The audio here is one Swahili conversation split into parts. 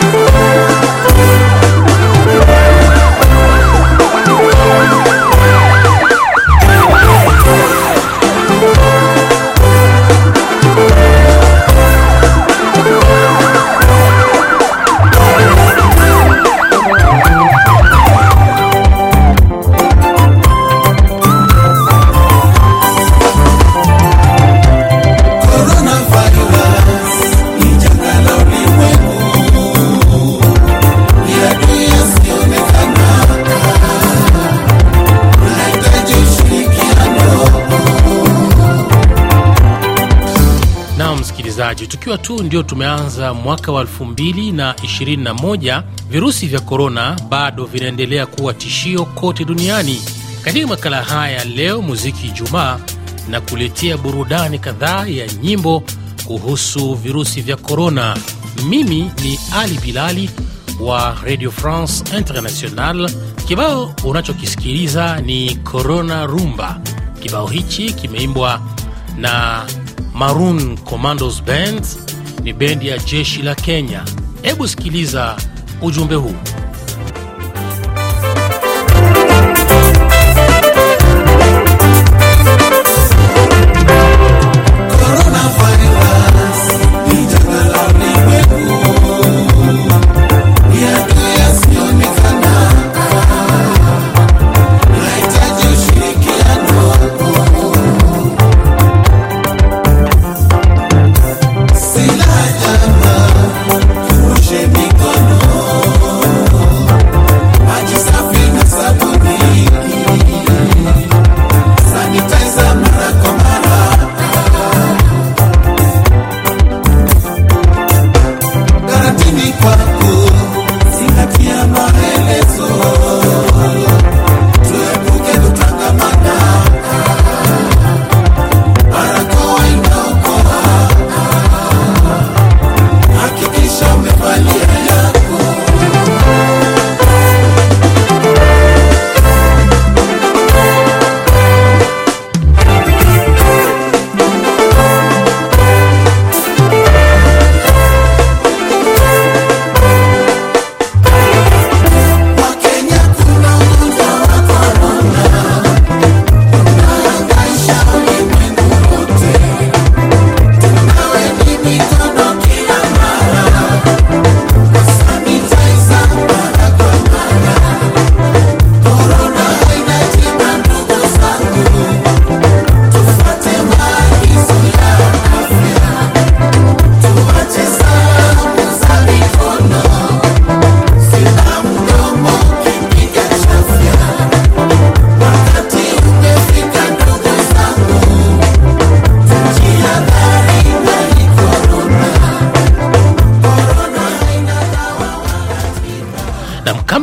Thank you. msikilizaji, tukiwa tu ndio tumeanza mwaka wa 221 virusi vya korona bado vinaendelea kuwa tishio kote duniani. Katika makala haya leo muziki Ijumaa na kuletea burudani kadhaa ya nyimbo kuhusu virusi vya korona. Mimi ni Ali Bilali wa Radio France International. Kibao unachokisikiliza ni Corona Rumba. Kibao hichi kimeimbwa na Maroon Commandos Band ni bendi ya jeshi la Kenya. Hebu sikiliza ujumbe huu. I.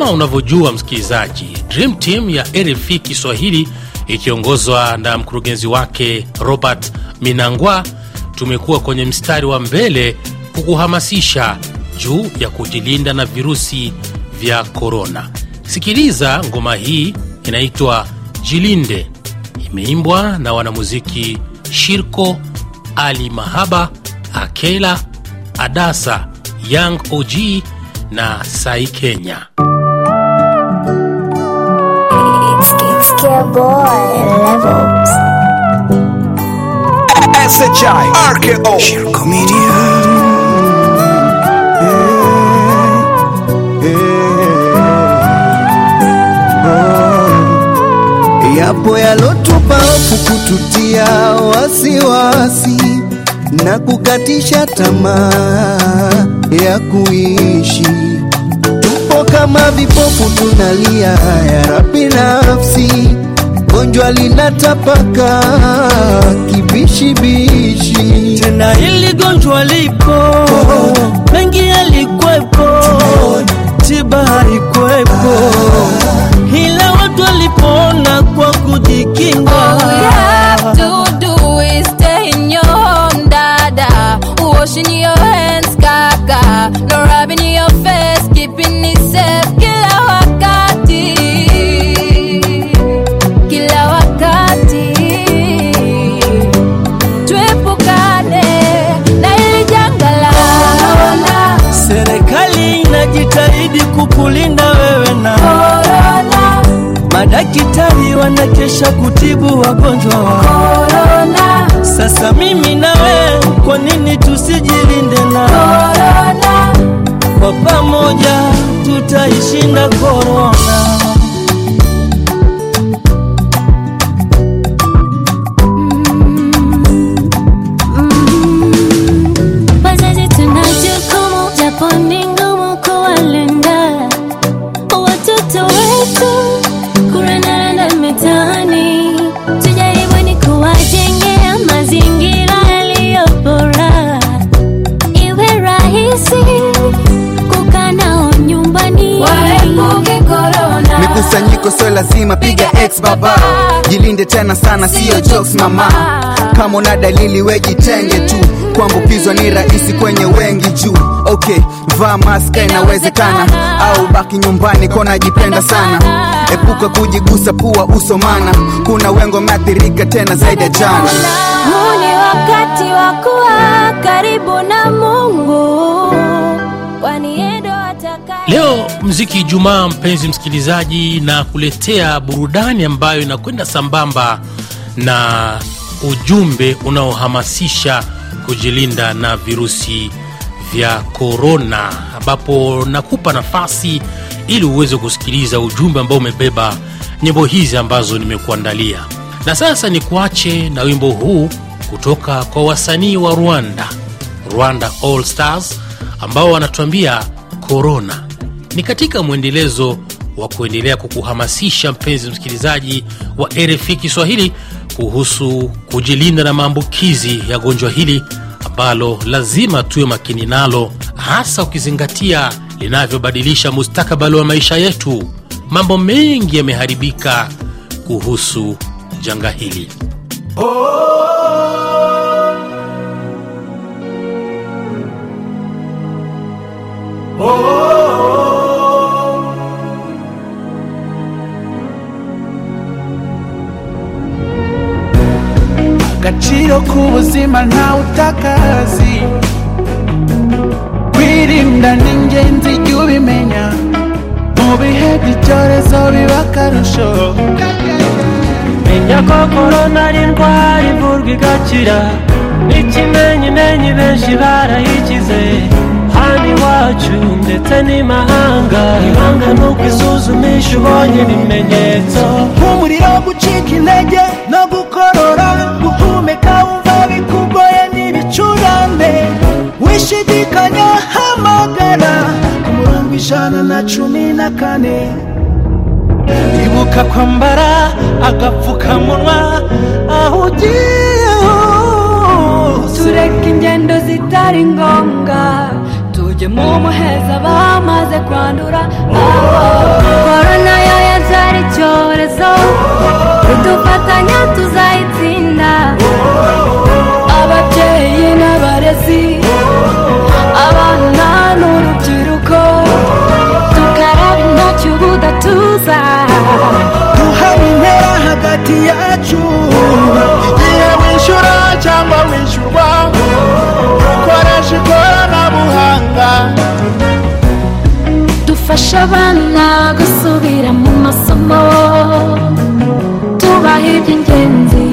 Kama unavyojua msikilizaji, Dream Team ya RFI Kiswahili ikiongozwa na mkurugenzi wake Robert Minangwa, tumekuwa kwenye mstari wa mbele kukuhamasisha juu ya kujilinda na virusi vya korona. Sikiliza ngoma hii inaitwa Jilinde, imeimbwa na wanamuziki Shirko Ali Mahaba, Akela Adasa, Young OG na Sai Kenya. your boy Levels. SHI RKO Sheer Comedian. Yapo yalotupa hofu kututia wasiwasi na kukatisha tamaa ya kuishi. Tupo kama vipofu tunalia, ya Rabbi nafsi gonjwa linatapaka kibishibishi, tena hili gonjwa lipo mengi yali kukulinda wewe na Corona. Madaktari wanakesha kutibu wagonjwa wa Corona. Sasa mimi na wewe, kwa nini tusijilinde na Corona? Kwa pamoja tutaishinda Corona. lazima piga ex baba, jilinde tena sana, siyo jokes mama. Kama una dalili wejitenge tu, kuambukizwa ni rahisi kwenye wengi juu. Okay, vaa maska inawezekana, au baki nyumbani kona, jipenda sana, epuka kujigusa pua uso, mana kuna wengo meathirika tena zaidi ya jana. Huu ni wakati wa kuwa karibu na Mungu. Leo mziki Ijumaa, mpenzi msikilizaji, na kuletea burudani ambayo inakwenda sambamba na ujumbe unaohamasisha kujilinda na virusi vya korona, ambapo nakupa nafasi ili uweze kusikiliza ujumbe ambao umebeba nyimbo hizi ambazo nimekuandalia. Na sasa ni kuache na wimbo huu kutoka kwa wasanii wa Rwanda, Rwanda All Stars, ambao wanatuambia korona ni katika mwendelezo wa kuendelea kukuhamasisha mpenzi msikilizaji wa RFI Kiswahili kuhusu kujilinda na maambukizi ya gonjwa hili ambalo lazima tuwe makini nalo, hasa ukizingatia linavyobadilisha mustakabali wa maisha yetu. Mambo mengi yameharibika kuhusu janga hili. Oh! Oh! yo ku ntawe utakazi kwirinda ni ingenzi jya ubimenya mu bihe by'icyorezo biba akarusho menya ko korona ari indwara ivurwa igakira n'ikimenyimenyi benshi barayikize hano iwacu ndetse n'imahanga ibanga ni uko ubonye ibimenyetso nk'umuriro gucika intege no gukorora guhumeka cyane wishidikanya hamagara ku murongo ijana na cumi na kane ibuka kwambara agapfukamunwa aho ugiye hose tureke ingendo zitari ngombwa tujye mu muheza bamaze kwandura aho korona yo yazari Shabana, gusubira mu masomo tubaha iby'ingenzi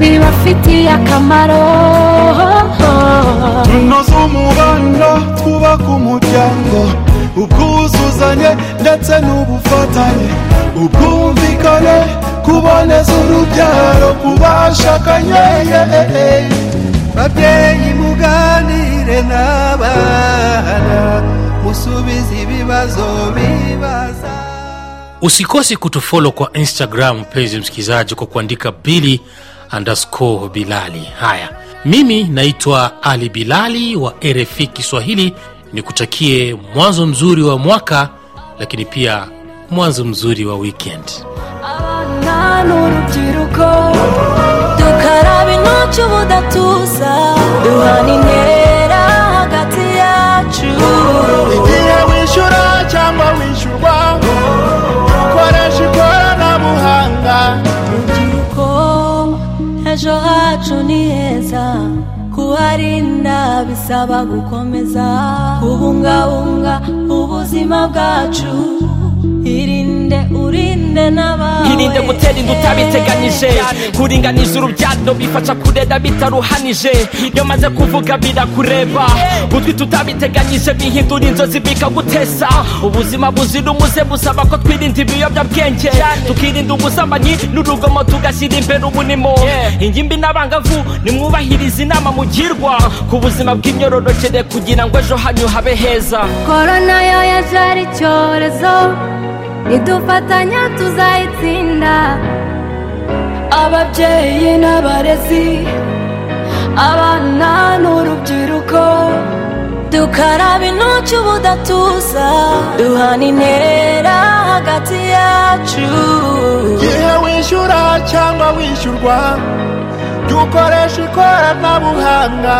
bibafitiye akamaro tunoze umubano twubaka umuryango ubwuzuzanye ndetse n'ubufatanye ubwumvikane kuboneza urubyaro ku bashakanye babyeyi mugani mbere n'abana musubize ibibazo bibaza usikose kutufolo kwa instagram mpenzi msikilizaji kwa kuandika bili underscore bilali haya mimi naitwa ali bilali wa rfi kiswahili nikutakie mwanzo mzuri wa mwaka lakini pia mwanzo mzuri wa weekend abana n'urubyiruko dukarabe intoki ubudatuza bisaba gukomeza kubungabunga ubuzima bwacu irinde irinde urinde n'abawe irinde gutera inda utabiteganyije kuringaniza urubyaro bifasha kurera bitaruhanije iyo maze kuvuga birakureba gutwi tutabiteganyije bihindura inzozi bikagutesa ubuzima buzira umuze busaba ko twirinda ibiyobyabwenge tukirinda ubusambanyi n'urugomo tugashyira imbere ubunimo ingimbi n'abangavu nimwubahiriza inama mugirwa ku buzima bw'imyororokere kugira ngo ejo hanyu habe heza korona yo yazari icyorezo nidufatanya tuzayitsinda ababyeyi n'abarezi abana n'urubyiruko dukaraba intoki ubudatuza duhana intera hagati yacu igihe wishyura cyangwa wishyurwa dukoresha ikoranabuhanga